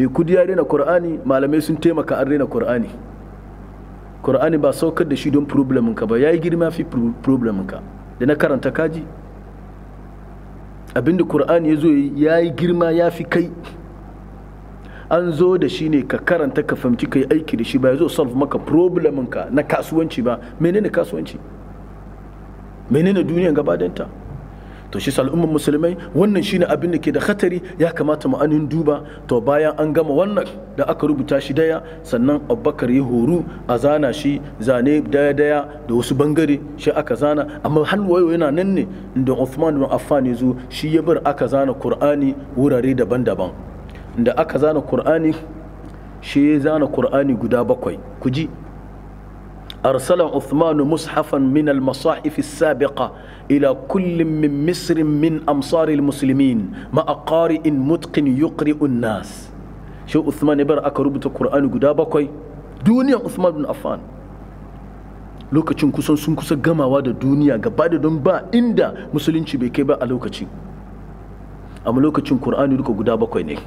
mai kudi ya rena qur'ani malamai sun taimaka an rena qur'ani qur'ani ba saukar da shi don problemin ka ba yayi girma fi problemin ka da na karanta kaji abinda qur'ani ya zo ya yi girma ya fi kai an zo da shi ne ka karanta ka fahimci ka yi aiki da shi ba ya zo solve maka problemin ka na kasuwanci ba menene kasuwanci menene duniyan gabadanta to shi al'ummar musulmai wannan shine abin da ke da khatari ya kamata mu anin duba to bayan an gama wannan da aka rubuta shi daya sannan abubakar ya horu a zana shi zane daya daya da wasu bangare shi aka zana amma har wayo yana nan ne inda Uthman bin Affan ya zo shi ya bar aka zana Qur'ani wurare daban-daban inda aka zana Qur'ani shi ya zana Qur'ani guda bakwai ku ji أرسل عثمان مصحفا من المصاحف السابقة إلى كل من مصر من أمصار المسلمين مع قارئ متقن يقرئ الناس شو عثمان بر أكا ربط القرآن قدابا كوي دنيا عثمان بن عفان lokacin kusan sun kusa gamawa da duniya gaba don ba inda musulunci bai kai ba a lokacin amma lokacin Kur'ani duka guda bakwai ne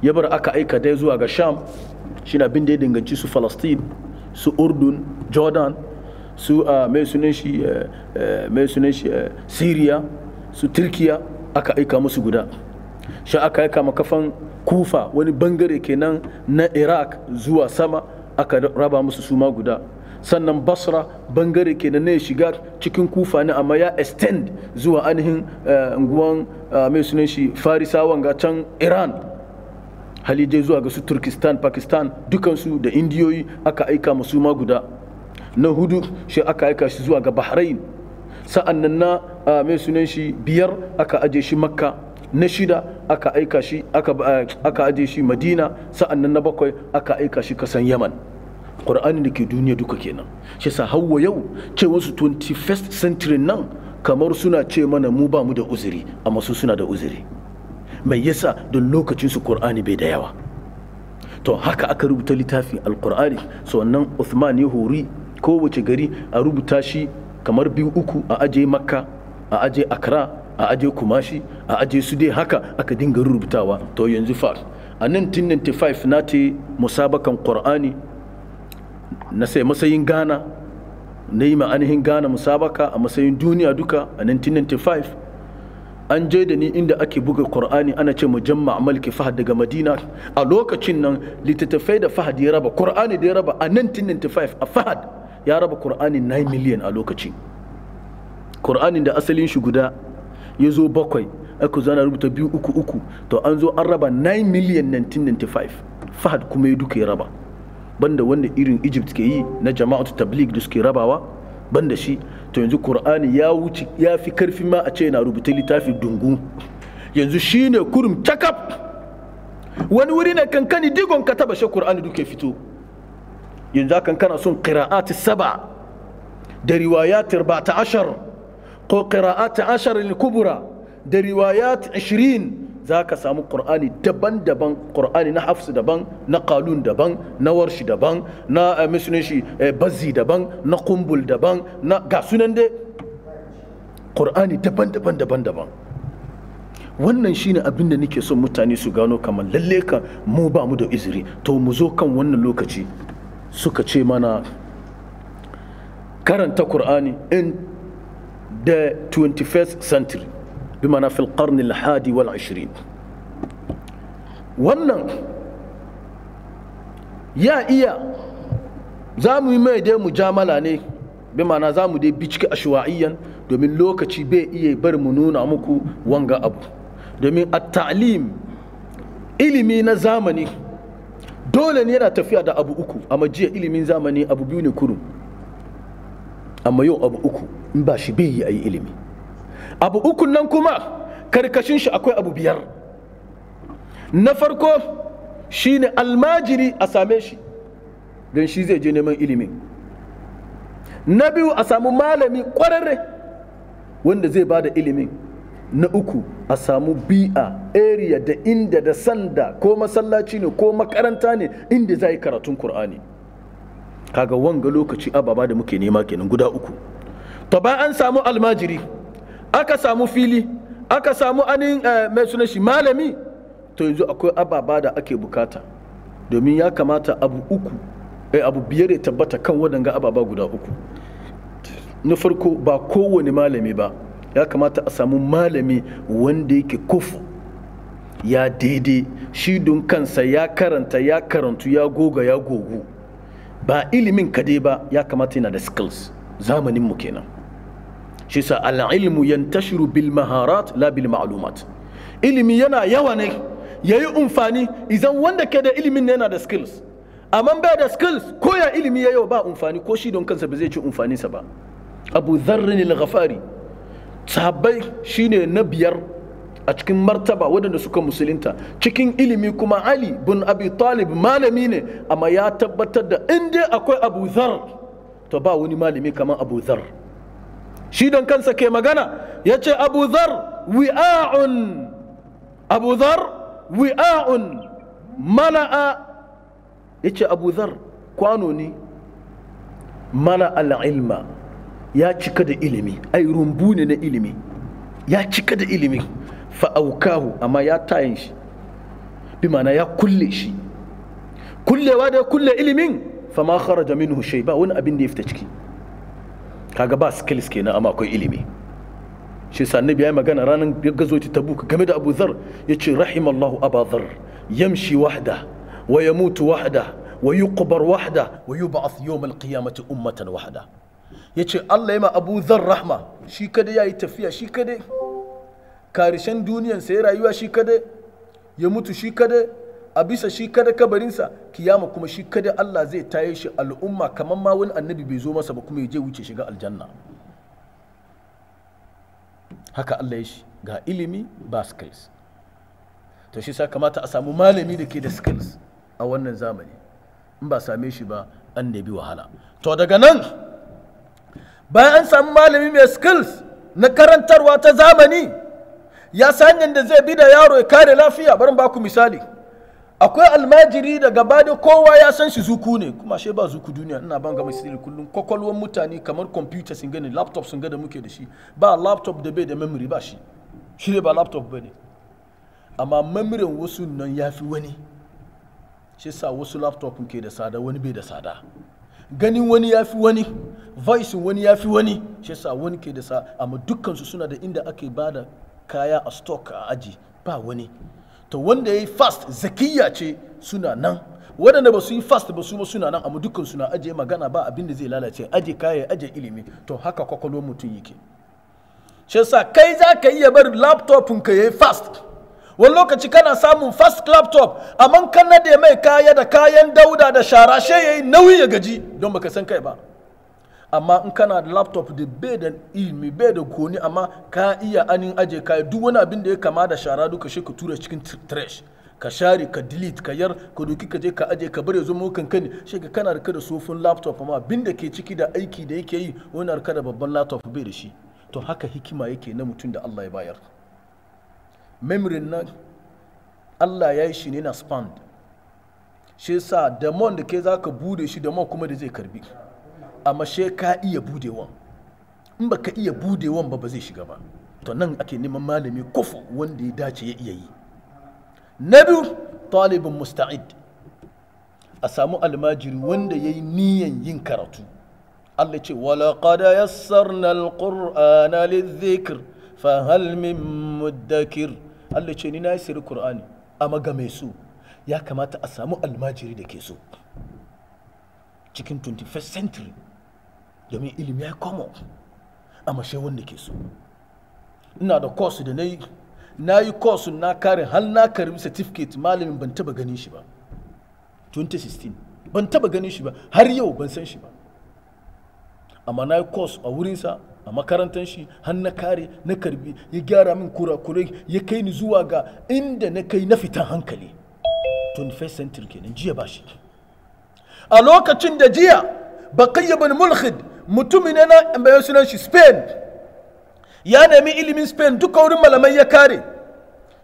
ya bar aka aika dai zuwa ga sham shi abin da ya danganci su falastin su urdun jordan su a uh, mai sunan shi uh, uh, mai sunan shi syria su turkiya aka aika musu guda shi aka aika makafan kufa wani bangare kenan na iraq zuwa sama aka raba musu suma guda sannan basra bangare kenan ne shiga cikin kufa ne amma ya extend zuwa ainihin nguwan mai sunan shi farisawan ga can iran halijai zuwa ga su turkistan pakistan dukansu da indiyoyi aka aika musu ma guda na hudu shi aka aika shi zuwa ga bahrain sa'an nan na mai sunan shi biyar aka aje shi makka na shida aka aika shi aka aje shi madina sa'an nan na bakwai aka aika shi kasan yaman ƙur'ani da ke duniya duka kenan shi sa hawa yau ce wasu 21st century nan kamar suna ce mana mu ba mu da uzuri amma su suna da uzuri mai yasa don lokacin su ƙur'ani bai da yawa to haka aka rubuta littafin alƙur'ani so wannan Uthman ya hori kowace gari a rubuta shi kamar biyu uku a aje makka a aje accra a aje kumashi a aje su dai haka aka dinga rubutawa to yanzu far a 1995 na te musabakan qur'ani na sai masayin Gana, na yi ma'anihin Gana musabaka a masayin duniya duka a 1995 an je da ni inda ake buga qur'ani ana ce mu jamma malki fahad daga madina a lokacin nan littattafai da fahad ya raba qur'ani da ya raba a 1995 a fahad ya raba ƙur'ani 9 miliyan a lokaci Qur'anin da asalin shi guda ya zo bakwai aka zana rubuta biyu uku uku to an zo an raba 9 miliyan 1995 Fahad kuma ya duka ya raba banda wanda irin Egypt ke yi na jama'atu tablik da suke rabawa banda shi to yanzu ƙur'ani ya wuce ya fi karfi ma a ce yana rubuta littafi dungu yanzu shi ne kurum cakap wani wuri na kankani digon ka taba shi Qur'ani duke fito yanzu hakan kana son qira'ati saba da riwayat 14 ko qira'at 10 al-kubra da riwayat 20 zaka samu qur'ani daban-daban qur'ani na hafsu daban na qalun daban na warshi daban na eh, misnin shi eh, bazzi daban na kumbul daban na ga sunan dai qur'ani daban-daban daban-daban wannan shine abin da nake son mutane su gano kamar lalle ka mu ba mu da iziri to mu zo kan wannan lokaci suka ce mana karanta Kur'ani in da 21st century bi mana fil qarni wal 20 wannan ya iya za mu yi mai dai mujamala ne bi mana za mu dai a ashwa'iyyan domin lokaci bai iya bar mu nuna muku wanga abu domin a talim ilimi na zamani dole ne yana tafiya da abu uku amma jiya ilimin zamani abu biyu ne kurum amma yau abu uku in ba shi bai yi a yi ilimi abu uku nan kuma karkashin shi akwai abu biyar na farko shi ne almajiri a same shi don shi zai je neman ilimin na biyu a samu malami kwararre wanda zai ba da ilimin na uku a samu bi'a area da inda da sanda ko masallaci ne ko makaranta ne inda za yi karatun Kur'ani. kaga wanga lokaci ababa da muke nema kenan guda uku to ba an samu almajiri aka samu fili aka samu anin eh, mai suna shi malami to yanzu akwai ababa da ake bukata domin ya kamata abu uku eh, abu biyar ya tabbata kan waɗanga ababa guda uku na farko ba kowane malami ba ya kamata a samu malami wanda yake kufu ya daidai shi don kansa ya karanta ya karantu ya goga ya gogu ba ilimin kadai ba ya kamata yana da skills zamanin mu kenan shi sa al'ilmu yantashiru bil maharat la bil ma'lumat ilimi yana yawa ne yayi umfani idan wanda ke da ilimin yana da skills amma bai da skills ko ya ilimi ya yau ba umfani ko shi don kansa ba zai ci umfaninsa ba abu dharrin al-ghafari sahabbai shine na biyar a cikin martaba waɗanda suka musulunta cikin ilimi kuma ali bin abi talib malami ne amma ya tabbatar da in inda akwai abu zar to ba wani malami kamar abu zar shi don kansa ke magana ya ce abu zar wi'a'un abu zar wi'a'un mala'a ya ce abu zar kwano ne mala'al ilma! ya cika da ilimi ai rumbu ne na ilimi ya cika da ilimi fa'aukahu amma ya tayin shi bi mana ya kulle shi kullewa da ya kulle ilimin fa ma kharaja minhu shay ba wani abin da ya fita ciki kaga ba skills kenan amma akwai ilimi shi sa annabi ya magana ranar ya gazo ta tabuk game da Abu Zar yace rahimallahu Abu Zar yamshi wahda wa yamutu wahda wa yuqbar wahda wa yub'ath yawm al-qiyamati ummatan wahda ya ce Allah ya ma abu zan rahma shi kada ya yi tafiya shi kada karishen duniyan sai rayuwa shi kada ya mutu shi kada a bisa shi kada kabarinsa kiyama kuma shi kada Allah zai taye shi al'umma kamar ma wani annabi bai zo masa ba kuma ya je wuce shiga aljanna haka Allah ya shi ga ilimi ba skills to shi sa kamata a samu malami da ke da skills a wannan zamani in ba same shi ba an wahala to daga nan bayan an samu malami mai skills na karantarwa ta zamani ya san da zai bi da yaro ya kare lafiya barin baku misali akwai almajiri da gaba da kowa ya san shi zuku ne kuma she ba zuku duniya ina ban ga misali kullum kwakwalwar mutane kamar computer sun gani laptop sun gada da muke da shi ba laptop da bai da memory ba shi shi ne ba laptop ba ne amma memory wasu nan ya fi wani shi sa wasu laptop ke da tsada wani bai da sada ganin wani ya fi wani voice wani ya fi wani shi sa wani ke da sa amma dukkansu suna da inda ake ba da kaya a stock a aji ba wani to wanda ya yi fast zakiya ce suna nan waɗanda ba su yi fast ba su suna nan amma dukkan suna aje magana ba abin da zai lalace aje kaya aje ilimi to haka kwakwalwar mutum yake shi sa kai za ka iya bar laptopin ka yayi fast wani lokaci kana samun first club top amma kan nade mai kaya da kayan dauda da shara she yayi nauyi ya gaji don baka san kai ba amma in kana da laptop da bai da ilimi bai da koni amma ka iya anin aje kaya duk wani abin da ya kama da shara duka shi ka tura cikin trash ka share ka delete ka yar ka doki ka je ka aje ka bar ya zo mokan kani shi ka kana da sofin laptop amma abin da ke ciki da aiki da yake yi wani arka da babban laptop bai da shi to haka hikima yake na mutum da Allah ya bayar memory nan Allah ya yi shi ne na spand shi sa da da ke za ka bude shi da man kuma da zai karbi amma she ka iya budewan in ba ka iya budewan ba ba zai shiga ba to nan ake neman malami kufu wanda ya dace ya iya yi na biyu talibin musta'id a samu almajiri wanda ya yi niyan yin karatu Allah ce wala qada yassarna alqur'ana lidhikr fa hal min muddakir Allah ce ni na yi siri Qur'ani a ga su ya kamata a samu almajiri da ke so cikin 21st century domin ilimi ya komo a mashe wanda ke so ina da kosu da na yi na yi kosu na karin har na karin certificate malamin ban taba ganin shi ba 2016 ban taba ganin shi ba har yau ban san shi ba amma na yi kosu a wurinsa a makarantar shi har na kare na karbi ya gyara min kurakurai ya kai ni zuwa ga inda na kai na fitan hankali 21st century kenan jiya ba shi a lokacin da jiya bakayya bin mulhid mutumi ne na bayan sunan shi spain ya nemi ilimin spain duka wurin malamai ya kare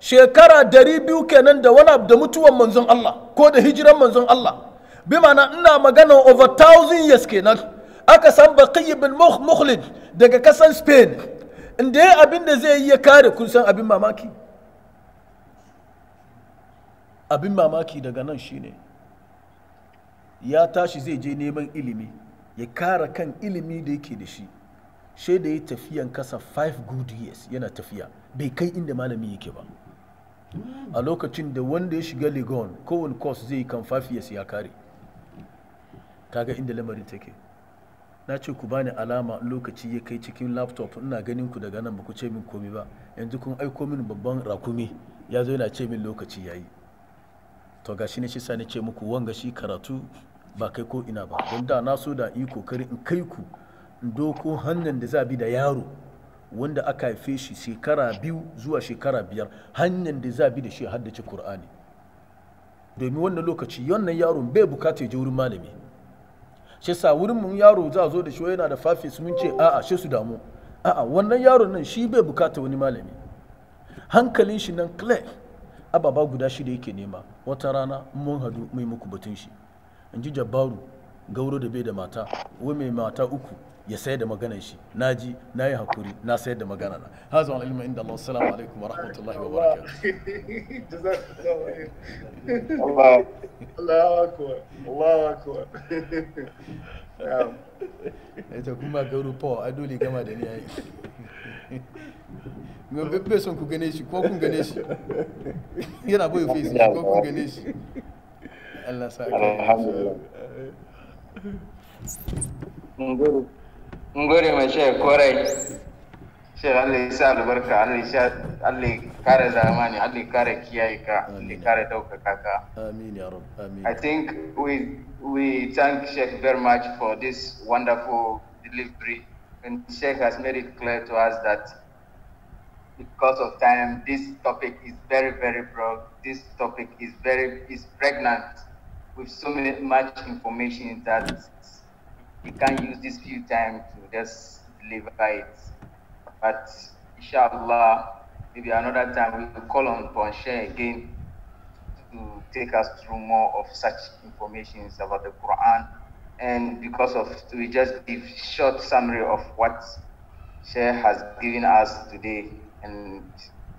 shekara dari biyu kenan da wani da mutuwan manzon allah ko da hijiran manzon allah bi ma'ana ina magana over thousand years kenan aka san baqiy bin mukhlid daga kasan spain inda ya abin da zai yi ya kare kun san abin mamaki abin mamaki daga nan shine ya tashi zai je neman ilimi ya kara kan ilimi da yake da shi shi da ya tafiyan kasa 5 good years yana tafiya bai kai inda malami yake ba a lokacin da wanda ya shiga legon kowane course zai kan 5 years ya kare kaga inda lamarin take na ce ku bani alama lokaci ya kai cikin laptop ina ganin ku daga nan ba ku ce min komi ba yanzu kun aiko min babban rakumi ya zo yana ce min lokaci ya yi to ga shi ne shi sa ce muku wanga shi karatu ba kai ko ina ba don da na so da yi kokari in kai ku in doko hannun da za bi da yaro wanda aka haife shi shekara biyu zuwa shekara biyar hanyar da za bi da shi haddace kur'ani domin wannan lokaci wannan yaron bai bukata ya je wurin malami shi sa wurin mun yaro za zo da shi yana da su mun ce a'a shi su damu a'a wannan yaro nan shi bai bukata wani malami hankalin shi nan clear ababa guda shi shida yake nema wata rana mun hadu mai muku batun shi in ji jabaru gauro da bai da mata wai mai mata uku ya sayar da maganar shi na ji na yi hakuri na sayar da magana na hazu wani ilmi inda Allah salamu alaikum wa rahmatullahi wa barakatuh Allah akbar Allah akbar kuma a dole gama da ni yayi bai son ku gane shi ko kun gane shi yana boye face ko kun gane shi Allah sa ka alhamdulillah ma allah ya sa albarka allah ya kare zamani allah ya kare kiyaye ka allah ya kare amin ya rab amin i think we we thank shek very much for this wonderful delivery and shek has made it clear to us that because of time, this topic is very, very broad. This topic is very is pregnant with so much information that we can use this few time to just deliver it. But inshallah, maybe another time we will call on Ponche again to take us through more of such informations about the Quran. And because of we just give short summary of what Sheikh has given us today and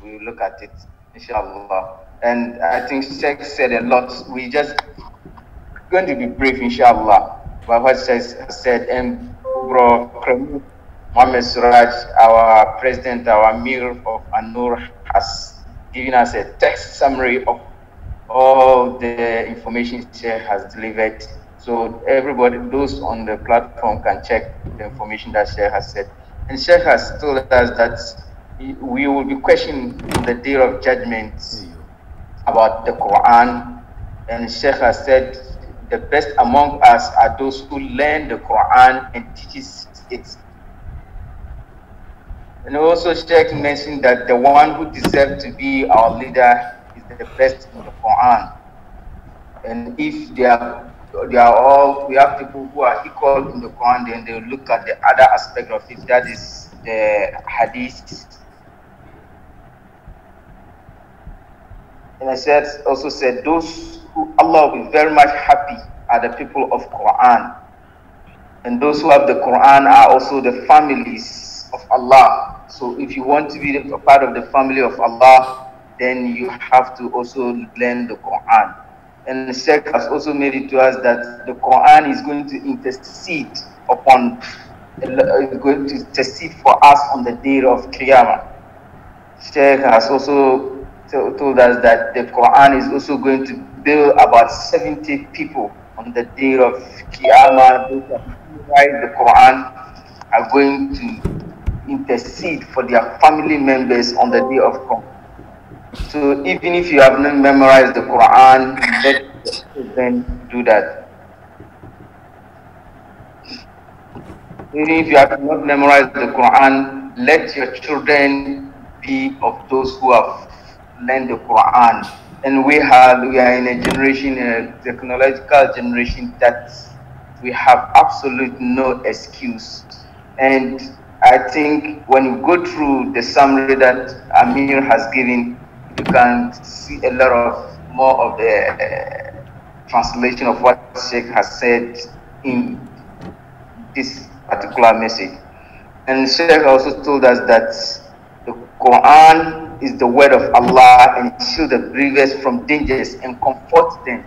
we will look at it inshallah. And I think Sheikh said a lot. We just going to be brief inshallah by what Sheikh said and Bro, Suraj, our president, our Amir of Anur, has given us a text summary of all the information she has delivered. So everybody, those on the platform can check the information that she has said. And Sheikh has told us that we will be questioned on the day of judgment about the Quran. And Sheikh has said the best among us are those who learn the Quran and teach it. And also Sheikh mentioned that the one who deserves to be our leader is the best in the Quran. And if they are, they are all, we have people who are equal in the Quran, then they look at the other aspect of it, that is the hadith. And I said, also said, those Allah will be very much happy are the people of Quran. And those who have the Quran are also the families of Allah. So if you want to be a part of the family of Allah, then you have to also learn the Quran. And Sheikh has also made it to us that the Quran is going to intercede upon, going to intercede for us on the day of Qiyamah. Sheikh has also told us that the Quran is also going to there were about 70 people on the day of Qiyamah, write the Quran, are going to intercede for their family members on the day of Qiyamah. So even if you have not memorized the Quran, let them do that. Even if you have not memorized the Quran, let your children be of those who have learned the Quran and we have we are in a generation, a technological generation that we have absolute no excuse. And I think when you go through the summary that Amir has given, you can see a lot of more of the uh, translation of what Sheikh has said in this particular message. And Sheikh also told us that the Quran is the word of Allah and shield the believers from dangers and comfort them.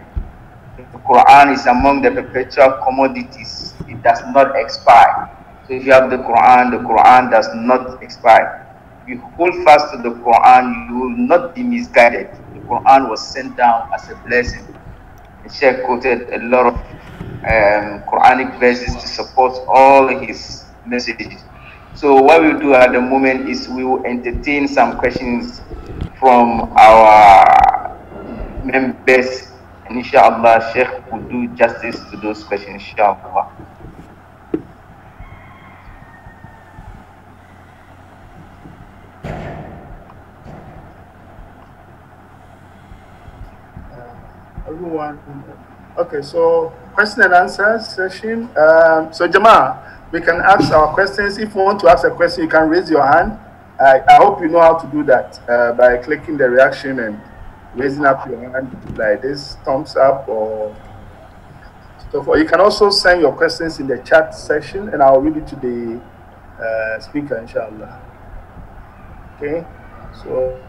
The Quran is among the perpetual commodities. It does not expire. So if you have the Quran, the Quran does not expire. If you hold fast to the Quran, you will not be misguided. The Quran was sent down as a blessing. And Sheikh quoted a lot of um, Quranic verses to support all his messages. So what we'll do at the moment is we will entertain some questions from our members. And inshallah, Sheikh will do justice to those questions, inshallah. Uh, everyone. Okay, so question and answer session. Um, so Jamal, we can ask our questions. If you want to ask a question, you can raise your hand. I, I hope you know how to do that uh, by clicking the reaction and raising up your hand like this, thumbs up or so forth. You can also send your questions in the chat section and I'll read it to the uh, speaker, inshallah. Okay, so.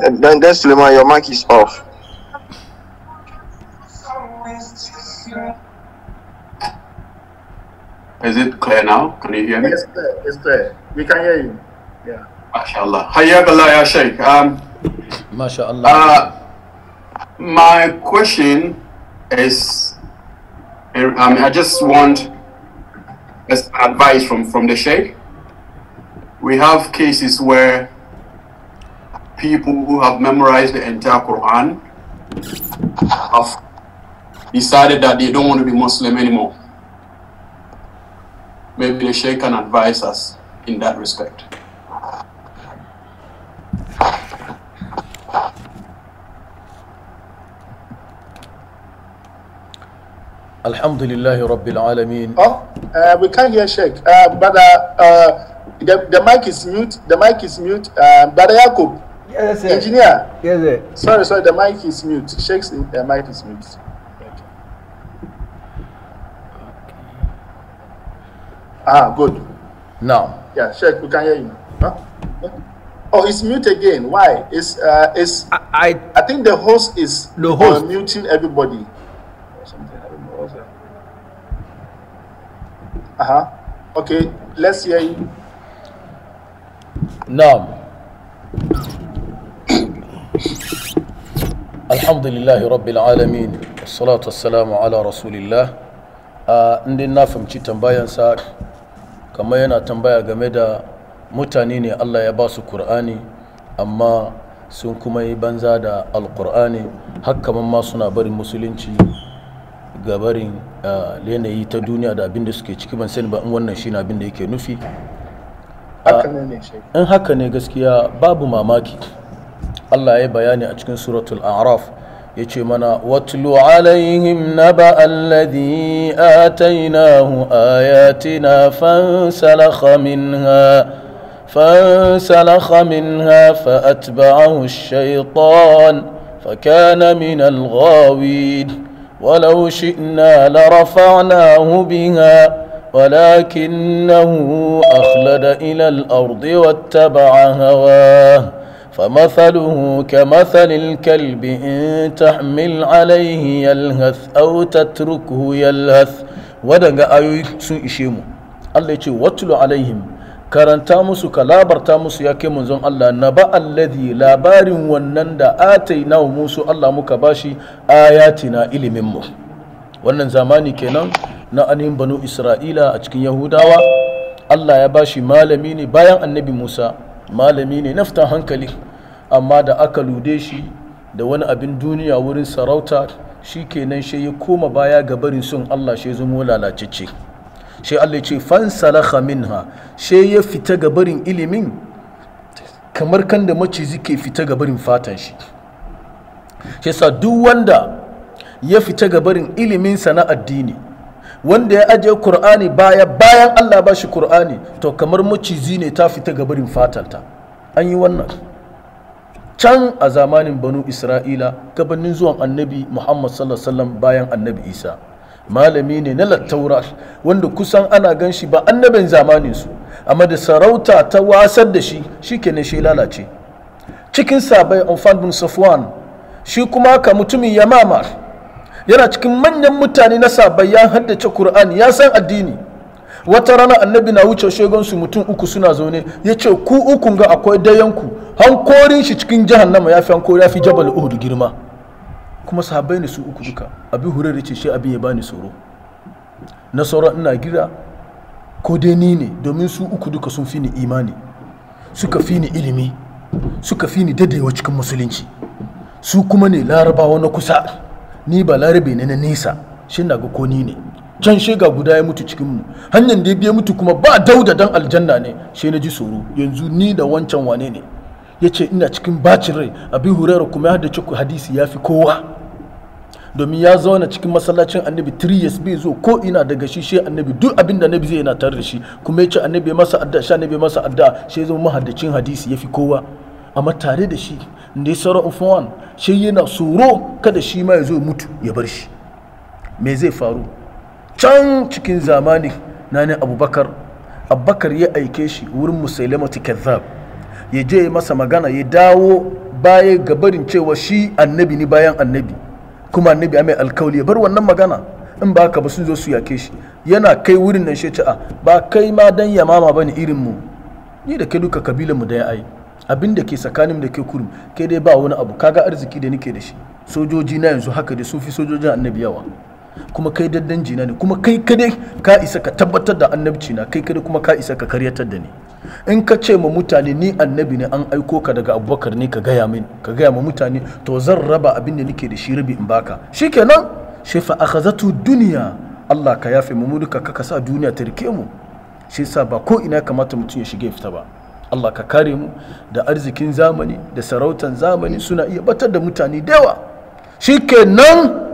then, then Suleiman, your mic is off. Is it clear now? Can you hear me? It's clear. It's clear. We can hear you. Yeah. MashaAllah. Hayyakallah ya Sheikh. Um, MashaAllah. Uh, my question is, um, I just want advice from, from the Sheikh. We have cases where people who have memorized the entire Quran have decided that they don't want to be Muslim anymore. Maybe the Sheikh can advise us in that respect. Alhamdulillah Rabbil Alameen. Oh, uh, we can't hear Sheikh. Uh, brother, uh, uh, the, the mic is mute. The mic is mute. Uh, brother Yakub. Yes, sir. Engineer. Yes, sir. Sorry, sorry, the mic is mute. Shakes the mic is mute. Okay. Ah, good. Now. Yeah, Sheikh, we can hear you. Huh? Oh, it's mute again. Why? It's uh, it's. I I, I think the host is the host uh, muting everybody. Uh huh. Okay, let's hear you. Now. alhamdulillahi rabbil alamin salatu wassalamu ala rasulillah a inda na fahimci tambayansa kamar yana tambaya game da mutane ne Allah ya ba su Kur'ani amma sun kuma yi banza da alkur'ani hakaman ma suna barin musulunci ga gabarin yanayi ta duniya da abinda suke ciki ban sani ba in wannan shi abin abinda yake nufi in haka ne gaskiya babu mamaki الله أي بياني أجن سورة الأعراف يجمنا واتلو عليهم نبأ الذي آتيناه آياتنا فانسلخ منها فانسلخ منها فأتبعه الشيطان فكان من الغاوين ولو شئنا لرفعناه بها ولكنه أخلد إلى الأرض واتبع هواه فمثله كمثل الكلب إن تحمل عليه يلهث أو تتركه يلهث ودنغا أيوي سن إشيمو الله يتي واتلو عليهم karanta musu ka labarta musu ya kai manzon Allah na ba alladhi labarin wannan da ataina musu Allah muka bashi ayatina ilimin mu wannan zamani kenan na anin banu Isra'ila a cikin Yahudawa Allah ya bashi malami ne bayan annabi Musa malami ne nafta hankali amma da aka lude shi da wani abin duniya wurin sarauta shi kenan shi ya koma baya ga barin sun, Allah shi lalace lalacece shi Allah ce fan min minha shi ya fita ga barin ilimin kamar kan da maciji ke fita ga barin fatan shi shi sa duk wanda ya fita ga barin ilimin sa na addini wanda ya ajiye Kur'ani baya bayan Allah ba shi Kur'ani to kamar maciji ne ta fita ga barin fatanta an yi wannan can a zamanin banu isra'ila gabanin zuwan annabi muhammad sallallahu alaihi bayan annabi isa malami ne na lattaura wanda kusan ana gan shi ba annabin zamanin su amma da sarauta ta wasar da shi shi ke ne shi lalace cikin sabai amfan bin safwan shi kuma ka mutumin yamama yana cikin manyan mutane na sabai ya haddace kur'ani ya san addini wata rana annabi na wuce shegon su mutum uku suna zaune ya ce ku ukun ga akwai dayanku hankorin shi cikin jahannama ya fi hankori ya fi jabal uhud girma kuma sahabbai ne su uku duka abi hurar ce shi abin ya bani tsoro na sauran ina gira ko dai ni ne domin su uku duka sun fi ni imani suka fi ni ilimi suka fi ni dadewa cikin musulunci su kuma ne larabawa na kusa ni ba larabe ne na nesa shi na ga ko ni ne can shega guda ya mutu cikin mu hanyar da ya biya mutu kuma ba dauda dan aljanna ne shi na ji tsoro yanzu ni da wancan wane ne ya ce ina cikin bacin rai abin hurairu kuma ya haddace ku hadisi ya fi kowa domin ya zauna cikin masallacin annabi 3 years bai zo ko ina daga shi shi annabi duk abin da annabi zai yana tare da shi kuma ya ce annabi masa adda shi annabi masa adda shi zama mahaddacin hadisi ya fi kowa amma tare da shi da ya sauran ufuwan shi yana tsoro kada shi ma ya zo mutu ya bar shi me zai faru can cikin zamani na ne abubakar abubakar ya aike shi wurin musailamatu kazzab ya je masa magana ya dawo baya barin cewa shi annabi ni bayan annabi kuma annabi a mai alkawali ya bar wannan magana in ba ka ba sun zo su yake shi yana kai wurin nan shi a ah, ba kai ma dan yamama ni irin mu ni da kai duka kabilan mu da ya ai abin da ke tsakanin da ke kurum kai dai ba wani abu kaga arziki da nake da shi sojoji na yanzu haka da sufi fi sojojin annabi yawa kuma kai daddan jina ne kuma kai kadai ka isa ka tabbatar da annabci na kai kadai kuma ka isa ka karyatar da ni in ka ce ma mutane ni annabi ne an aiko ka daga abubakar ne ka gaya min ka gaya ma mutane to zan raba abin da nake da shi rabi in baka Shi shikenan shi fa akhazatu duniya Allah ka yafe mu mulka ka sa duniya ta rike mu shi yasa ba ko ina kamata mutum ya shige fita ba Allah ka kare mu da arzikin zamani da sarautan zamani suna iya batar da mutane da yawa nan.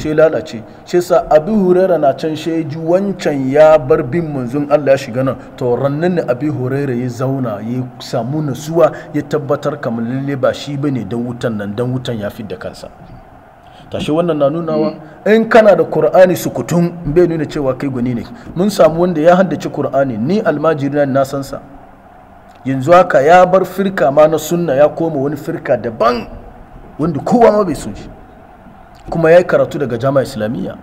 she lalace shi sa abi hurera na can she ji wancan ya bar bin manzon Allah ya shiga nan to rannan ne abi hurera ya zauna ya samu nasuwa ya tabbatar kamar lalle ba shi ne dan wutan nan dan wutan ya fi da kansa tashi wannan na nunawa in kana da qur'ani sukutun bai nuna cewa kai gwani ne mun samu wanda ya haddace Kur'ani, ni almajiri na san sa yanzu haka ya bar firka ma na sunna ya koma wani firka daban wanda kowa ma bai so shi kuma ya yi karatu daga jama'a islamiyya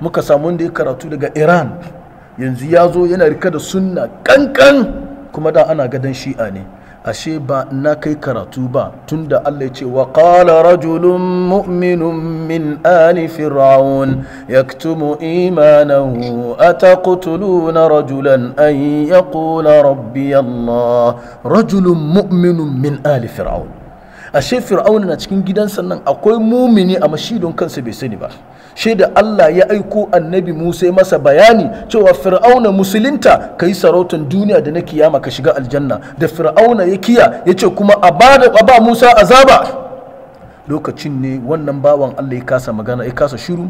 muka samu wanda ya karatu daga iran yanzu ya zo yana rika da sunna kankan kuma da ana gadon shi'a ne ashe ba na kai karatu ba tunda Allah ya ce wa qala rajulun mu'minun min ali fir'aun yaktumu imanahu ataqtuluna rajulan an yaqula rabbi Allah rajulun mu'minun min ali fir'aun ashe fir'auna na cikin gidansa nan akwai mumini a mashidon kansa bai sani ba shi da Allah ya aiko annabi Musa ya masa bayani cewa fir'auna musulunta ka yi sarautan duniya da na kiyama ka shiga aljanna da fir'auna ya kiya ya ce kuma a ba Musa azaba lokacin ne wannan bawan Allah ya kasa magana ya kasa shiru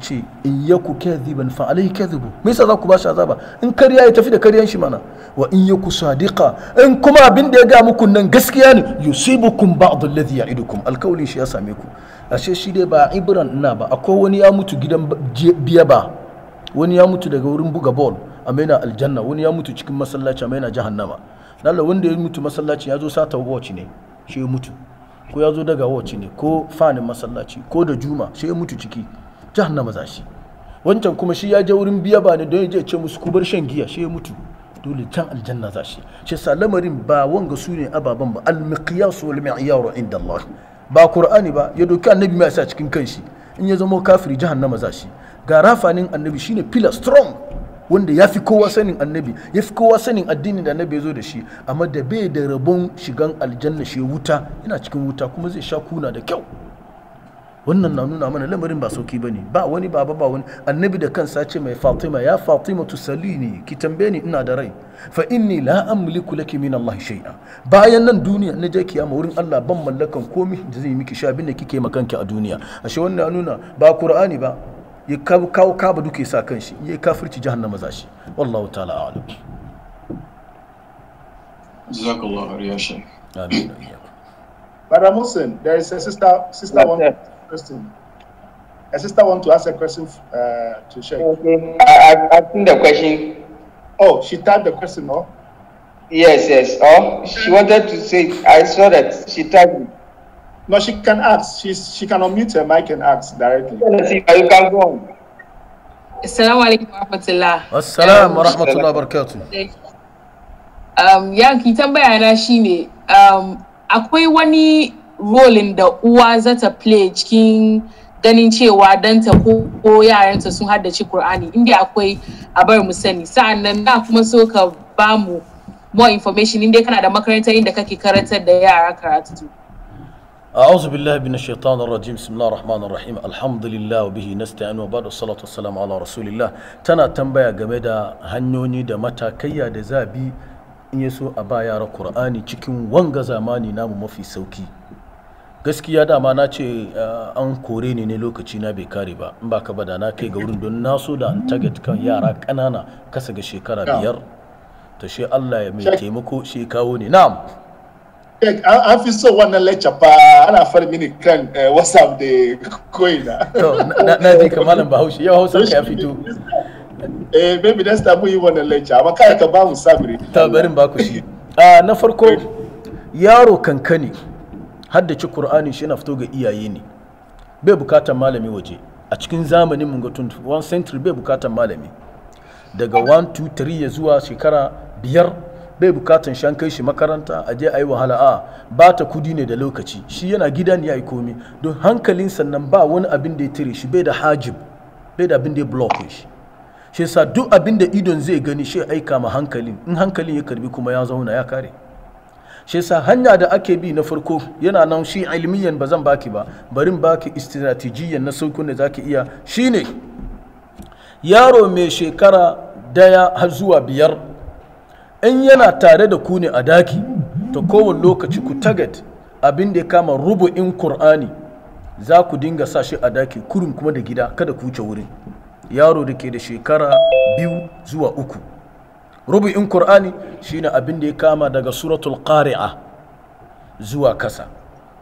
ce, in ku kadhiban fa alayhi kadhibu me yasa za ku bashi azaba in kariya ya tafi da kariyan shi mana wa in ku sadiqa in kuma abin da ya ga muku nan gaskiya ne yusibukum ba'd alladhi ya'idukum alkawli shi ya same ku ashe shi dai ba ibran ina ba akwai wani ya mutu gidan biya ba wani ya mutu daga wurin buga ball a maina aljanna wani ya mutu cikin masallaci a maina jahannama lalla wanda ya mutu masallaci ya zo sata watch ne shi ya mutu ko ya zo daga watch ne ko fanin masallaci ko da juma shi ya mutu ciki jahannama za shi wancan kuma shi ya je wurin biya ba ne don ya je ce musu kubar shan giya shi ya mutu dole can aljanna za shi shi sa lamarin ba wanga su ne ababen ba al-miqyas wal mi'yar inda Allah ba qur'ani ba ya doki annabi mai sa cikin kanshi in ya zama kafiri jahannama za shi ga rafanin annabi shine pillar strong wanda ya fi kowa sanin annabi ya fi kowa sanin addinin da annabi ya zo da shi amma da bai da rabon shigan aljanna shi wuta yana cikin wuta kuma zai sha kuna da kyau wannan na nuna mana lamarin ba sauki ba ne ba wani baba ba wani annabi da kansa ce mai fatima ya fatima tu salini ki tambaye ni ina da rai fa inni la amliku laki min Allah shay'a bayan nan duniya na je kiyama wurin Allah ban mallakan komai da zai miki sha bin da kike makanki a duniya ashe wannan nuna ba qur'ani ba ya kawo kaba duke sa kanshi ya kafirci jahannama za wallahu ta'ala a'lam jazakallahu khairan shaykh amin Brother Muslim, there is a sister, sister one. question. A sister want to ask a question uh, to Sheikh. Okay. I, I, I think the question. Oh, she typed the question, no? Yes, yes. Oh, she wanted to say, I saw that she typed no, she can ask. She's, she can unmute her mic and ask directly. You can go on. Assalamu alaikum wa rahmatullah. Assalamu wa rahmatullah barakatuh. Um, ya ki tambaya na shine um, akwe wani rolin da uwa za ta play cikin ganin cewa danta ko yaranta sun haddace Kur'ani inda akwai a bar mu sani sa'annan na kuma so ka ba mu more information inda kana da makarantar inda kake karantar da yara karatu أعوذ بالله من الشيطان الرجيم بسم الله الرحمن الرحيم الحمد لله وبه نستعين وبعد الصلاة والسلام على رسول game da hanyoyi da matakayya da zabi in yaso a ba yara Qur'ani cikin wanga zamani namu mafi sauki gaskiya dama na ce eh, an kore ni ne lokaci na bai kare ba in ba ka na kai ga wurin don na so da an target kan yara kanana kasa ga shekara biyar ta shi Allah ya mai taimako shi kawo ne na'am an fi so wannan lecture ba ana fara mini kan eh, whatsapp da koina na ji kamalan bahaushe yau hausa ka ya fito eh baby dan samu yi wannan lecture amma kai ka ba mu sabiri ta barin ba ku shi ah, na farko yaro kankani haddace qur'ani shi na fito ga iyaye ne bai bukatar malami waje a cikin zamanin mun ga 21 century bai bukatar malami daga 1 2 3 ya zuwa shekara biyar bai bukatar shan kai shi makaranta a je a yi wahala a ba ta kudi ne da lokaci shi yana gida ne ya yi komi don hankalin sannan ba wani abin da ya tire shi bai da hajib bai da abin da ya blokin shi shi sa duk abin da idon zai gani shi aika ma hankalin in hankalin ya karbi kuma ya zauna ya kare shi yasa hanya da ake bi na farko yana nan shi ilmiyan ba zan baki ba barin baki istiratijiyan na sauƙin da zaki iya shine yaro mai shekara daya har zuwa biyar in yana tare da ku ne a daki ta kowane lokaci ku tagat abin da ya kama rubu'in kur'ani za ku dinga sa shi a daki kurin kuma da gida kada ku wuce wurin yaro da ke da shekara biyu zuwa uku rubu'in qur'ani shine abin da ya kama daga suratul qari'a zuwa kasa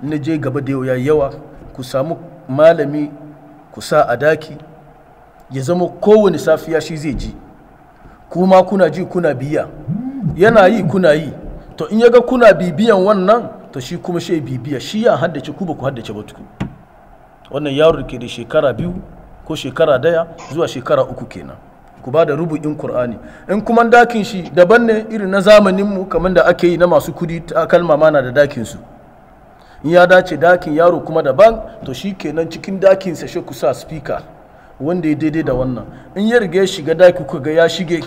na je gaba da yawa yawa ku samu malami ku sa a daki ya zama kowane safiya shi zai ji kuma kuna ji kuna biya yana yi kuna yi to in ya ga kuna bibiyan wannan to shi kuma shi bibiya shi ya haddace ku ba ku haddace ba tuku wannan yaro da ke da shekara biyu ko shekara daya zuwa shekara uku kenan ku ba da rubu'in qur'ani in kuma dakin shi daban ne irin na zamanin mu kamar da ake yi na masu kudi takalma mana da dakin su in ya dace dakin yaro kuma daban to shi kenan cikin dakin sa shi kusa speaker wanda ya daidai da wannan in ya riga shiga daki kuka ga ya shige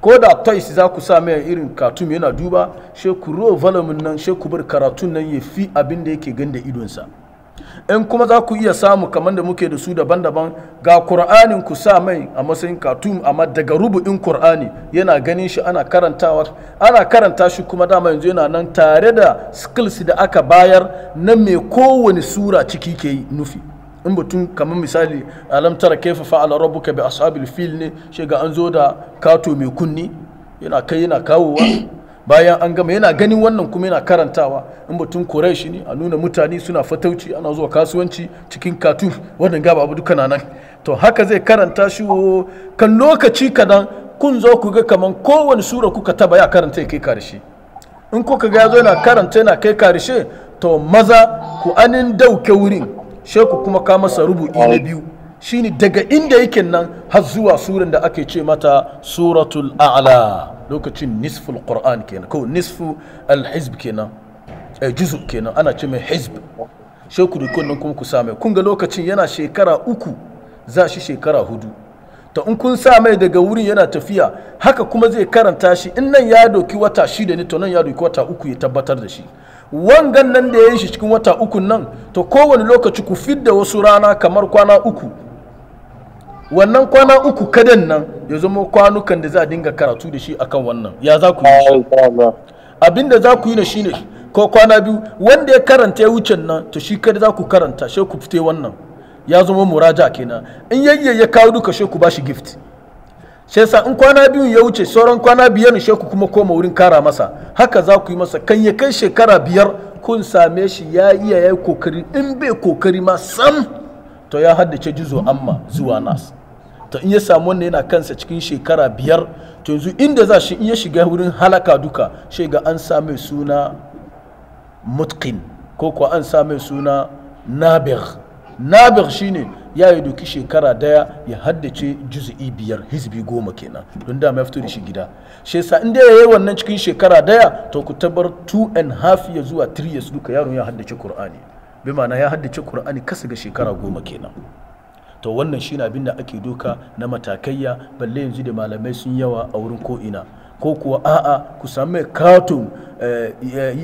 ko da toys za ku sa mai irin cartoon yana duba shi ku ro volume nan she ku bar karatun nan ya fi abin da yake ganda idon sa. in kuma za ku iya samu kamar da muke da su daban-daban ga kur'anin ku sa mai a matsayin katum amma daga rubu'in kur'ani yana ganin shi ana karantawa ana karanta shi kuma dama yanzu yana nan tare da skills da aka bayar na mai kowane sura ciki ke yi nufi in batun kamar misali alam tara kaifa fa'ala rabbuka bi ashabil fil ne shiga an zo da kato mai kunni yana kai yana kawowa bayan an gama yana ganin wannan kuma yana karantawa in batun shi ne a nuna mutane suna fatauci ana zuwa kasuwanci cikin katu wannan gaba abu duka nan to haka zai karanta shi oh, kan lokaci kadan kun zo ku ga kaman kowane sura kuka taba ya karanta ya kai karshe in kuka ga yazo yana karanta yana kai karshe to maza ku anin dauke wurin sheku kuma ka masa rubu'i na biyu shine daga inda yake nan har zuwa suran da ake ce mata suratul a'la lokacin nisful qur'an kenan ko nisfu al-hizb kenan eh juzu kenan ana ce mai hizb sai ku riko kuma ku same kun ga lokacin yana shekara uku za shi shekara hudu ta in kun sa mai daga wurin yana tafiya haka kuma zai karanta shi in nan ya doki wata shida ne to nan ya doki wata uku ya tabbatar da shi wangan nan da ya yi shi cikin wata uku nan to kowane lokaci ku fidda wasu rana kamar kwana uku wannan kwana uku kadan nan ya zama kwanukan da za a dinga karatu da shi akan wannan ya za ku yi ah, abin da za ku yi na shine ko kwana biyu wanda ya karanta ya wucin nan to shi kada za ku karanta shi ku fite wannan ya zama muraja kenan in yayye ya kawo duka shi ku bashi gift shi yasa in kwana biyu ya wuce sauran kwana biyar shi ku kuma koma wurin kara masa haka za ku yi masa kan ya kai shekara biyar kun same shi ya iya ya kokari in bai kokari ma sam to ya haddace juzo amma zuwa nas ta iya ya samu wanda yana kansa cikin shekara biyar to yanzu inda za shi iya shiga wurin halaka duka shi ga an sa suna mutkin ko kuwa an sa mai suna nabir nabir shine ya yi doki shekara daya ya haddace juzu'i biyar hizbi goma kenan don dama ya fito da shi gida shi yasa inda ya yi wannan cikin shekara daya to ku tabar 2 and half ya zuwa 3 years duka yaron ya haddace kur'ani bi ma'ana ya haddace kur'ani kasa ga shekara goma kenan to wannan shi abin da ake doka na matakaiya balle yanzu da malamai sun yawa a wurin ko'ina ko kuwa a'a ku sami mai katon eh,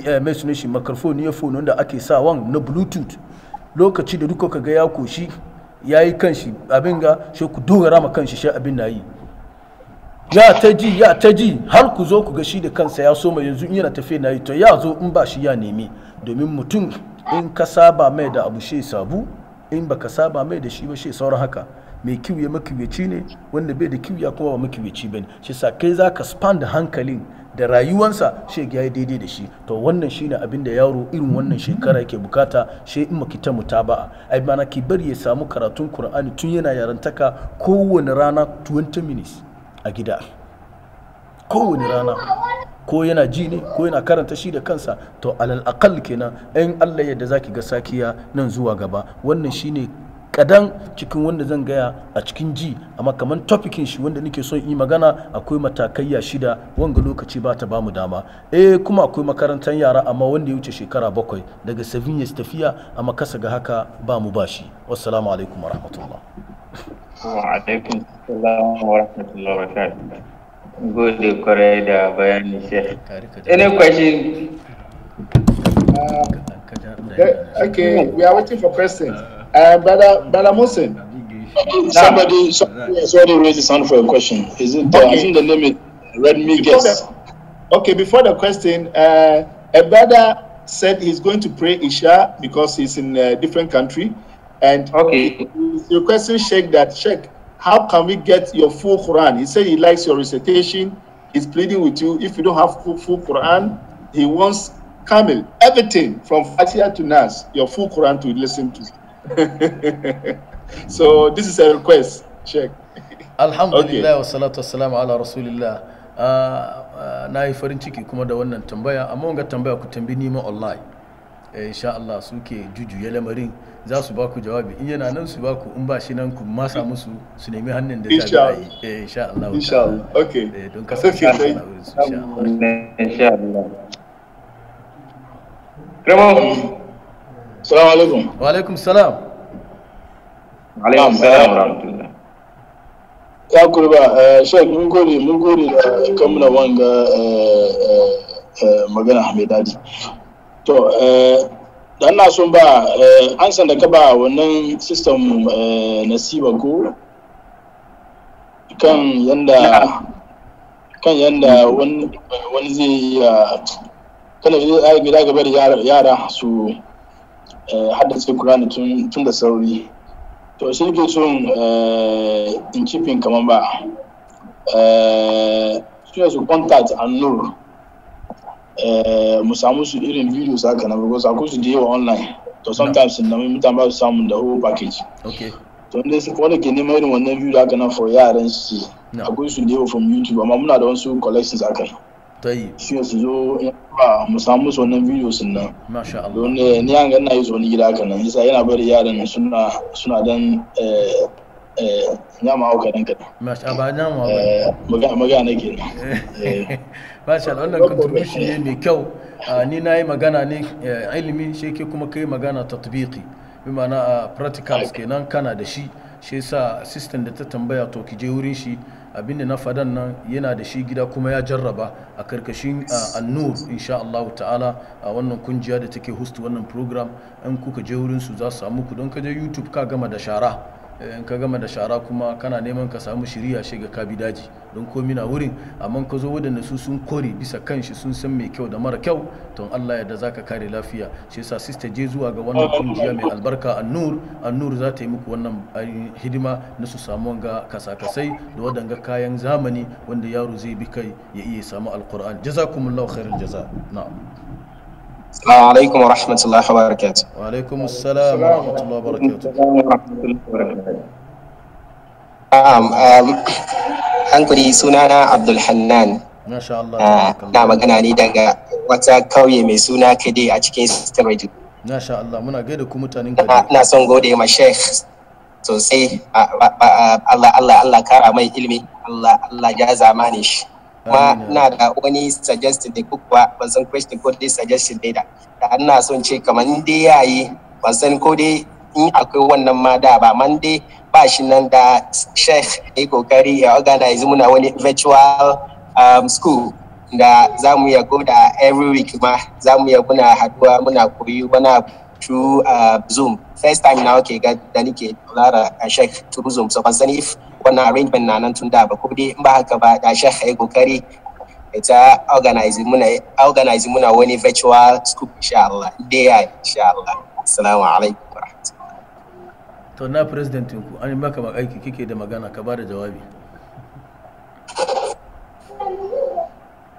eh, mai suna shi makarfon ya fon wanda ake sawan na bluetooth lokaci da duka kaga ya koshi ya yi kanshi abin ga shi ku dogara ma kanshi shi abin na yi ya ta ji ya ta ji har ku zo ku ga shi da kansa ya soma yanzu in yana tafiya na yi to ya zo in ba shi ya nemi domin mutum in ka saba mai da abu shi sabu in baka saba mai da shi ba shi sauran haka mai kiwiye makiwiyaci ne wanda bai da kiwiya kuma ba makiwiyaci bane shi sa kai za ka span da hankalin da rayuwansa shi ya yi daidai da shi to wannan shine abin da yaro irin wannan shekara yake bukata shi in maki ta mutaba'a ai mana ki bari ya samu karatun Qur'ani tun yana yarantaka kowane rana 20 minutes a gida kowane rana ko yana ji ne ko yana karanta shi da kansa to alal aqal kenan in Allah yadda ki ga sakiya nan zuwa gaba wannan shine kadan cikin wanda zan gaya a cikin ji amma kamar topikin shi wanda nake son yi magana akwai matakaiya shida wanga lokaci ba ta bamu dama eh kuma akwai makarantar yara amma wanda ya wuce shekara bakwai daga 7 years tafiya amma kasa ga haka ba mu bashi wassalamu alaikum warahmatullah wa alaikum wa rahmatullah wa barakatuh Good, kwarai da bayani Sheikh. Any question? Uh, okay, we are waiting for questions. Uh, Brother, Brother Musin. Somebody, somebody has already raised his hand for a question. Is it? Uh, I think the name is Redmi Guess. Okay, before the question, uh, a brother said he's going to pray Isha because he's in a different country, and okay, he's requesting Sheikh that Sheikh how can we get your full Quran? He said he likes your recitation. He's pleading with you. If you don't have full, full Quran, he wants Kamil, everything from Fatiha to Nas, your full Quran to listen to. so this is a request. Check. Alhamdulillah wa salatu wassalamu ala rasulillah. Uh, uh, na yi farin ciki kuma da tambaya, amonga tambaya ku tambi nima online. Eh, insha Allah suke jujuya lamarin za su baku jawabi in yana nan su baku in ba shi nan ku masa musu su nemi hannun da za yi eh, insha Allah insha Allah okay eh, don ka sai insha Allah Ramo Assalamu alaikum Wa alaikum salam Wa alaikum salam Ya kurba shek mun gode mun gode da kammala wanga magana Hamidadi to eh, dan na sun ba eh, an san da ka ba wannan system eh, nasiba ko kan yanda kan yanda wani zai iya kana yi gida gaba da yara su haddace kurani tun da sauri to shi ke sun in kifin kamar ba su su contact annur Eh, mu samu su irin videos haka na because akwai su da yawa online to sometimes na mutane ba su samun da whole package to inda su wanda ke neman irin wannan video haka na for yaran su akwai su da yawa from youtube amma muna da wasu collections haka ta yi shi su zo ba mu samu su wannan videos sun nan masha Allah don ne eh, ni an ga ina yi zo ni gida haka nan yasa yana bari yaran suna suna dan eh, na eh, ma hauka nan kaɗan. Masha Allah na ma eh, Maga na ke eh, Masha Allah wannan contribution ne mai kyau ah, ni na yi magana ne ilimi shi ke kuma kai magana tatbiki bi ma'ana ah, practicals kenan kana da shi shi sa system da ta tambaya to ki je wurin shi abinda na fadan nan yana da shi gida kuma ya jarraba a karkashin ah, annur insha Allah ta'ala a wannan kungiya da take host wannan program in kuka je wurin su za su samu ku don ka je YouTube ka gama da shara Eh, in ka gama da shara kuma kana neman ka samu shiriya shiga ka bi daji don komi na wurin amma ka zo wadanda su sun kore bisa kan shi sun san mai kyau da mara kyau to Allah ya da zaka kare lafiya shi yasa sista je zuwa ga wannan kungiya mai albarka annur annur za ta yi muku wannan hidima na su samu ga kasakasai da wadanga kayan zamani wanda yaro zai bi kai ya iya samu alquran jazakumullahu khairal jaza na'am alaikum wa rahmatullahi wa barakatuh wa alaikum assalam wa rahmatullahi wa barakatuh um, hankuri sunana abdul hannan ah, na magana ne daga wata kauye mai suna kade a cikin stamajin ina son gode ma sheikh sosai ah, ah, Allah Allah Allah kara mai ilimi Allah Allah ya ma na da wani suggestion da kuka ban san question ko dai suggestion dai da da ina son ce kamar dai yayi ban san ko dai in akwai wannan ma da ba man dai ba shi nan da sheikh ya kokari ya organize muna wani virtual um, school da za mu ya da every week ma za mu ya muna haduwa muna koyi wani through uh, zoom first time na ke ga da nike lara a sheikh through zoom so ban san if wannan arrangement na nan tun da ba kuma dai in ba haka ba da kokari ita organize muna organize muna wani virtual scoop insha Allah dai ya insha Allah assalamu alaikum to na president ku an maka aiki kike da magana ka ba da jawabi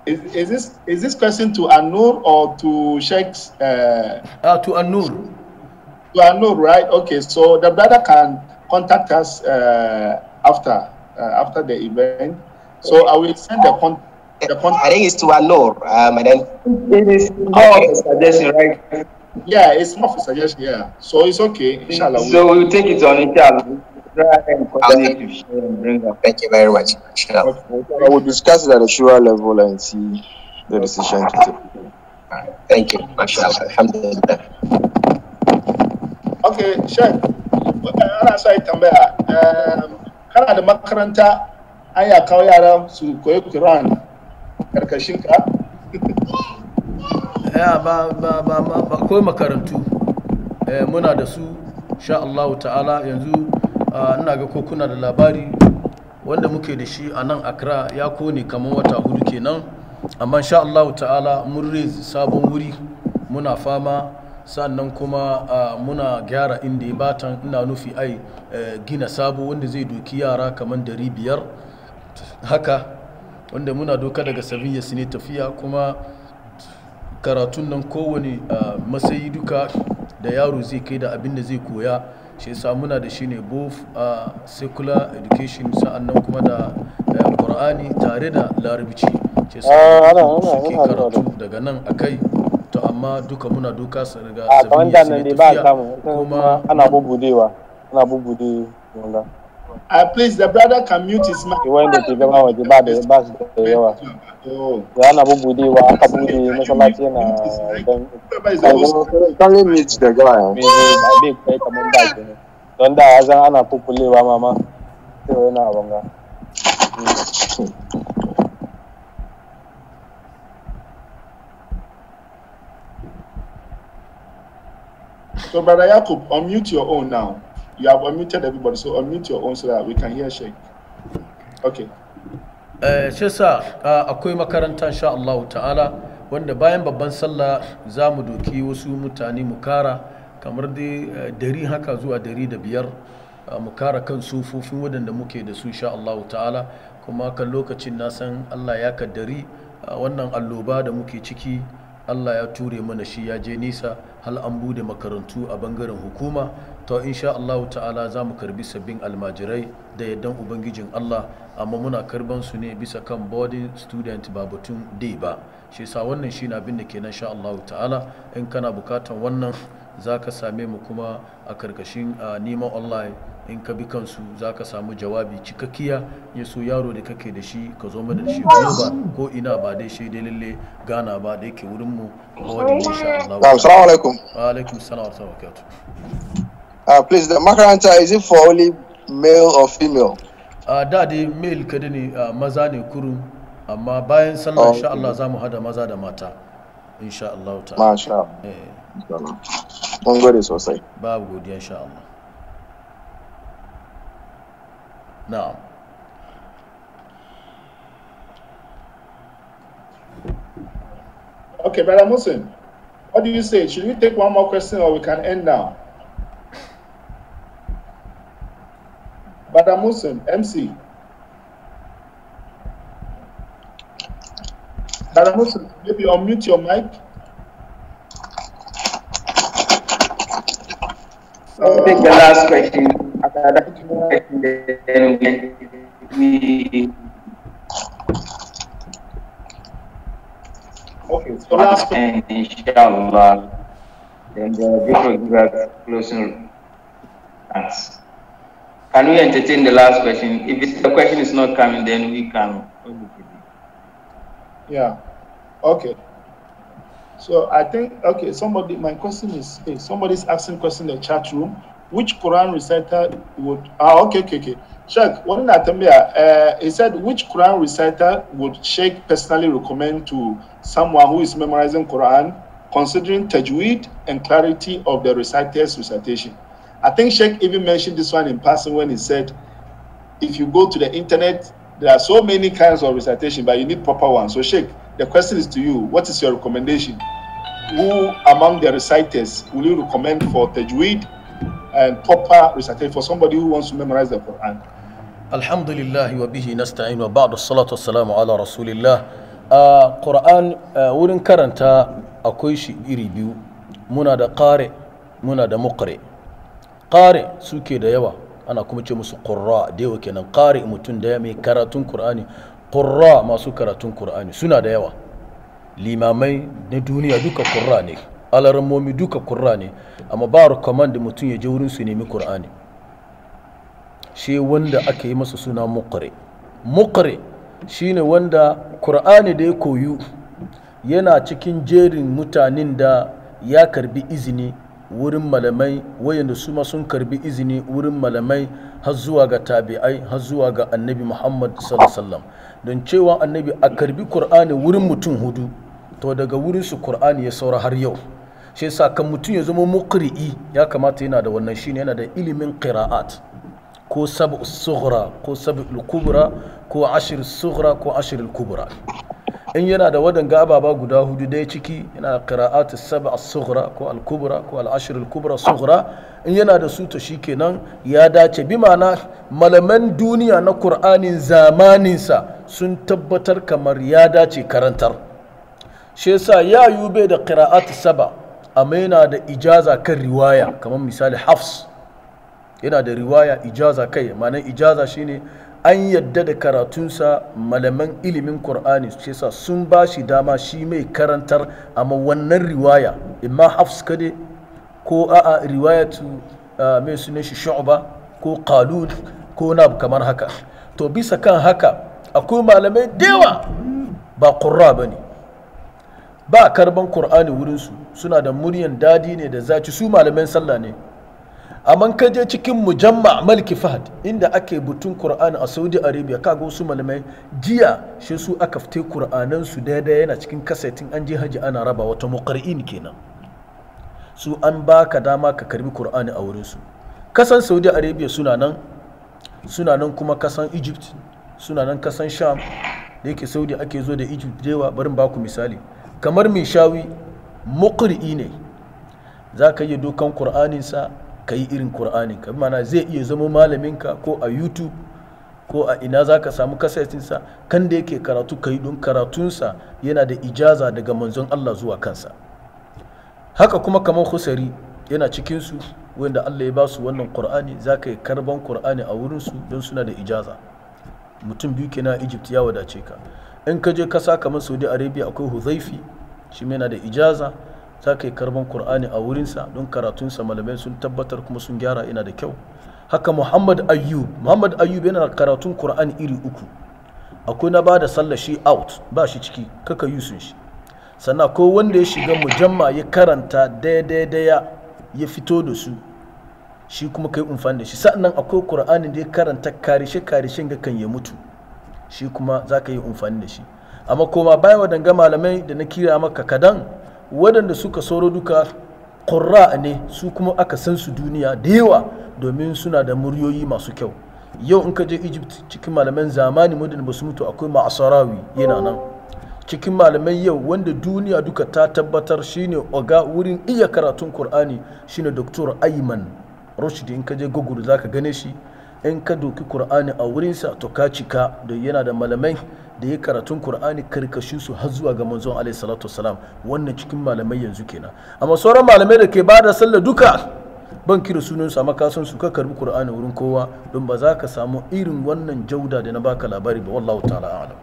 Is, is this is this question to Anur or to Sheikh? Uh, uh, to Anur. To Anur, right? Okay, so the brother can contact us uh, after uh, after the event. So I will send the contact I think it's to allure, um, and then it is more okay. suggestion, right? Yeah, it's more for a suggestion. Yeah, so it's okay. Inshallah. So we'll take it on inshallah. Thank you very much. Okay. I will discuss it at a sure level and see the decision to take. Thank you. Okay, sure. Um, kana da makaranta an ya kawo yara su koyi Quran karkashin ka ya ba ba ba ba akwai makarantu eh, muna da su sha Allahu ta'ala yanzu ina ga kokuna da labari wanda muke da shi a nan Accra ya kone kamar wata hudu kenan amma sha Allahu ta'ala mun sabon wuri muna fama sannan kuma muna gyara inda ya batan ina nufi ai e, gina sabo wanda zai doki yara kamar dari biyar haka wanda muna doka daga saviya su ne tafiya kuma karatun nan kowane matsayi duka da yaro zai kai da abin da zai koya shi yasa muna da shi ne both secular education sa'annan kuma da e, qur'ani tare da larabci shi yasa ah, suke karatu daga nan akai to amma duka muna duka su riga a kan da nan ne ba a samu kuma ana bubudewa ana bubude wanda Uh, please, the brother can mute his mic. Wanda ke gaba waje ba da ba su da yawa. Da ana bubudewa aka bude masallaci yana don kan mute da gaba. Me ne kai kamar da ke ne. Don da ya zan ana kukulewa mama. Sai yana abanga. So, Brother Yakub, unmute your own now. You have unmuted everybody, so unmute your own so that we can hear Sheikh. Okay. Eh, shi sa ah, akwai makaranta insha Allah ta'ala wanda bayan babban sallah za mu doki wasu mutane mu kara kamar dai eh, dari haka zuwa dari da biyar ah, mu kara kan sufufin waɗanda muke da su insha Allah ta'ala kuma kan lokacin na san Allah ya kaddari ah, wannan alloba da muke ciki allah ya ture mana shi ya je nisa hal an bude makarantu a bangaren hukuma to insha allahu ta'ala za mu karbi sabbin almajirai da yardan ubangijin allah amma muna karban su ne bisa kan boarding student ba batun dai ba shi sa wannan shi na abin da kenan insha Allah ta'ala in kana bukatan wannan za ka same mu kuma a karkashin neman online in ka bi kansu za ka samu jawabi cikakkiya ya so yaro da kake da shi ka zo mana da shi ko ba ko ina ba dai shi dai lalle gana ba da yake wurin mu ko wani insha Allah assalamu alaikum wa alaikum assalam wa barakatuh Ah please the makaranta is it for only male or female Ah da dai male kada ne ah, maza ne kurum amma bayan sallah insha Allah za mu hada maza da mata insha Allah ta. masha eh. Allah mun gode sosai babu godiya insha Allah No. Okay, Brother Muslim, what do you say? Should we take one more question or we can end now? Brother Muslim, MC. Brother Musin, maybe unmute your mic. I'll take the last question. Okay, so last and inshallah, then the people give us closing remarks. Can we entertain the last question? If the question is not coming, then we can. Yeah. Okay. So I think okay. Somebody, my question is: hey, somebody's asking question in the chat room which Quran reciter would ah okay okay okay Sheikh wani na tambaya uh, he said which Quran reciter would Sheikh personally recommend to someone who is memorizing Quran considering tajweed and clarity of the reciter's recitation I think Sheikh even mentioned this one in passing when he said if you go to the internet there are so many kinds of recitation but you need proper ones so Sheikh the question is to you what is your recommendation who among the reciters will you recommend for tajweed and proper recitation for somebody who wants to memorize the Quran. Alhamdulillah wa bihi nasta'in wa ba'du salatu wassalamu ala rasulillah. Uh, Quran uh, wurin karanta akwai shi iri biyu muna da ƙare muna da muƙare ƙare suke da yawa ana kuma ce musu ƙurra da yawa kenan ƙare mutum da mai karatun ƙur'ani ƙurra masu karatun ƙur'ani suna da yawa limamai na duniya duka ƙurra ne alarmomi duka ƙurra ne amma ba da mutum ya je wurin su nemi ƙur'ani shi wanda aka yi masa suna muqri muqri ne wanda ƙur'ani da ya koyu yana cikin jerin mutanen da ya karbi izini wurin malamai wayanda su ma sun karbi izini wurin malamai har zuwa ga tabi'ai har zuwa ga annabi muhammad sallallahu don cewa annabi a karbi qur'ani wurin mutum hudu to daga wurin su qur'ani ya saura har yau shi yasa kan mutum ya zama muqri'i ya kamata yana da wannan shine yana da ilimin qira'at ko sab'u sughra ko sab'ul kubra ko ashir sughra ko ashir kubra in yana da wadanga ababa guda hudu dai ciki yana da qira'atu sab'a sughra ko al-kubra ko al-ashr al-kubra sughra in yana da su to shikenan ya dace bi ma'ana malaman duniya na Qur'anin zamaninsa sun tabbatar kamar ya dace karantar shi yasa ya yube da qira'atu sab'a amma yana da ijaza kan riwaya kamar misali hafs yana da riwaya ijaza kai ma'anar ijaza shine an yadda da karatunsa malaman ilimin qur'ani ce sa sun ba shi dama shi mai karantar amma wannan riwaya imma hafs kade ko a'a tu mai suna shi shu'ba ko qalud ko na kamar haka to bisa kan haka akwai malamai ba ba qurra bane ba karban qur'ani wurinsu suna da muryan dadi ne da zaci su malaman sallah ne amma ka je cikin mujamma malki fahad inda ake butun qur'ani a saudi arabia kaga wasu malamai jiya shi su aka fite qur'anan su daidai yana cikin kasaitin an je haji ana raba wata muqarrin kenan su an baka dama ka karbi qur'ani a wurin su kasan saudi arabia suna nan suna nan kuma kasan egypt suna nan kasan sham da yake saudi ake zo da egypt dewa barin baku misali kamar mishawi muƙuri ne za ka iya dokan ƙur'aninsa ka yi irin ka mana zai iya zama malaminka ko a youtube ko a ina za ka samu kasetinsa kan da yake karatu ka yi don karatunsa yana da ijaza daga manzon allah zuwa kansa haka kuma kamar husari yana cikinsu wanda allah ya ba su wannan ƙur'ani za ka yi karban ƙur'ani a wurinsu don suna da ijaza mutum biyu kenan egypt ya wadace ka in ka je kasa kamar saudi arabia akwai huzaifi shi yana da ijaza za ka yi karban kur'ani a wurinsa don karatunsa malamai sun tabbatar kuma sun gyara ina da kyau haka muhammad ayyub muhammad ayyub yana karatun kur'ani iri uku akwai na ba da sallar shi out ba shi ciki kaka yusun shi sannan ko wanda ya shiga mujamma ya karanta daidai daya ya fito da su shi kuma kai umfani da shi sannan akwai kur'ani da ya karanta karishe karishen ga kan ya mutu shi kuma za ka yi umfani da shi amma koma bayan wadanga malamai da na kira maka kadan waɗanda suka soro duka kurra ne su kuma aka san su duniya da yawa domin suna da muryoyi masu kyau yau in ka je egypt cikin malaman zamani wadanda ba su mutu akwai ma'asarawi yana nan cikin malamai yau wanda duniya duka ta tabbatar shine oga wurin iya karatun kur'ani shine doktor ayman rushdi in ka je google zaka gane shi in ka doki qur'ani a wurinsa to ka cika da yana da malamai da ya karatun qur'ani karkashin su har zuwa ga manzon alaihi salatu wasalam wannan cikin malamai yanzu kenan amma sauran malamai da ke bada sallah duka ban kira sunan su amma kasan su ka karbi qur'ani wurin kowa don ba za ka samu irin wannan jauda da na baka labari ba wallahu ta'ala a'lam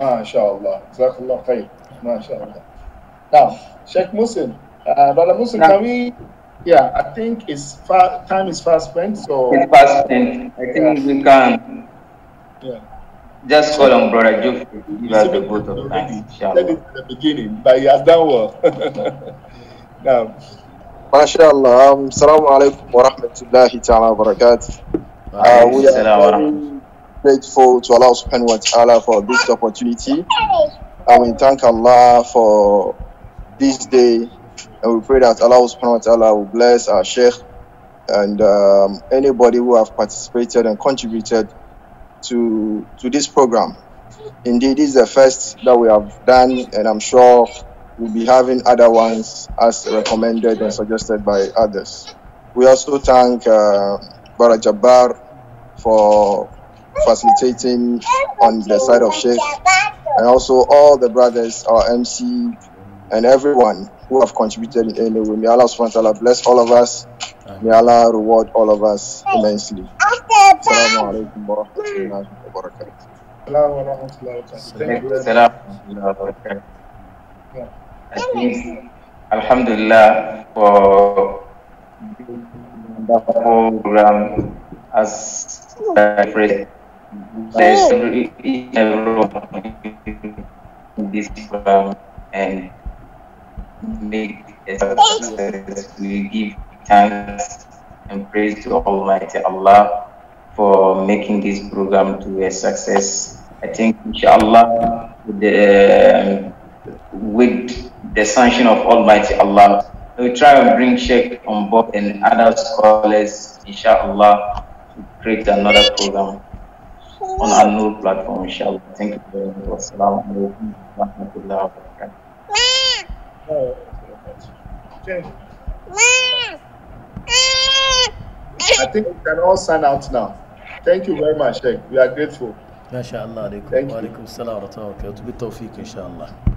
masha Allah jazakallahu khair masha Allah na'am Sheikh Muslim musin uh, brother Muslim can Yeah, I think it's far, time is fast spent. So it's fast spent. I think yeah. we can. Yeah. Just call on Brother Joe to give us the of Said it at the beginning, but he has done well. now. MashaAllah. Um, Assalamu alaikum wa rahmatullahi ta'ala wa barakatuh. Uh, we are grateful to Allah subhanahu wa ta'ala for this opportunity. I will thank Allah for this day and we pray that Allah subhanahu wa ta'ala will bless our Sheikh and um, anybody who have participated and contributed to to this program. Indeed, this is the first that we have done, and I'm sure we'll be having other ones as recommended and suggested by others. We also thank uh, Bara Jabbar for facilitating on the side of Sheikh, and also all the brothers, our MC, and everyone who have contributed in any way. May Allah subhanahu bless all of us. May Allah reward all of us immensely. Assalamu alaikum wa rahmatullahi wa Alhamdulillah, for wonderful program as I phrase, There's every, every in this program and make this. We give thanks and praise to Almighty Allah for making this program to a success. I think, inshallah, with the, um, with the sanction of Almighty Allah, we try and bring Sheikh on board and other scholars, inshallah, to create another program on our new platform, inshallah. Thank you very much. I think we can all sign out now. Thank you very much, Sheikh. We are grateful. ما شاء الله عليكم وعليكم السلام ورحمة الله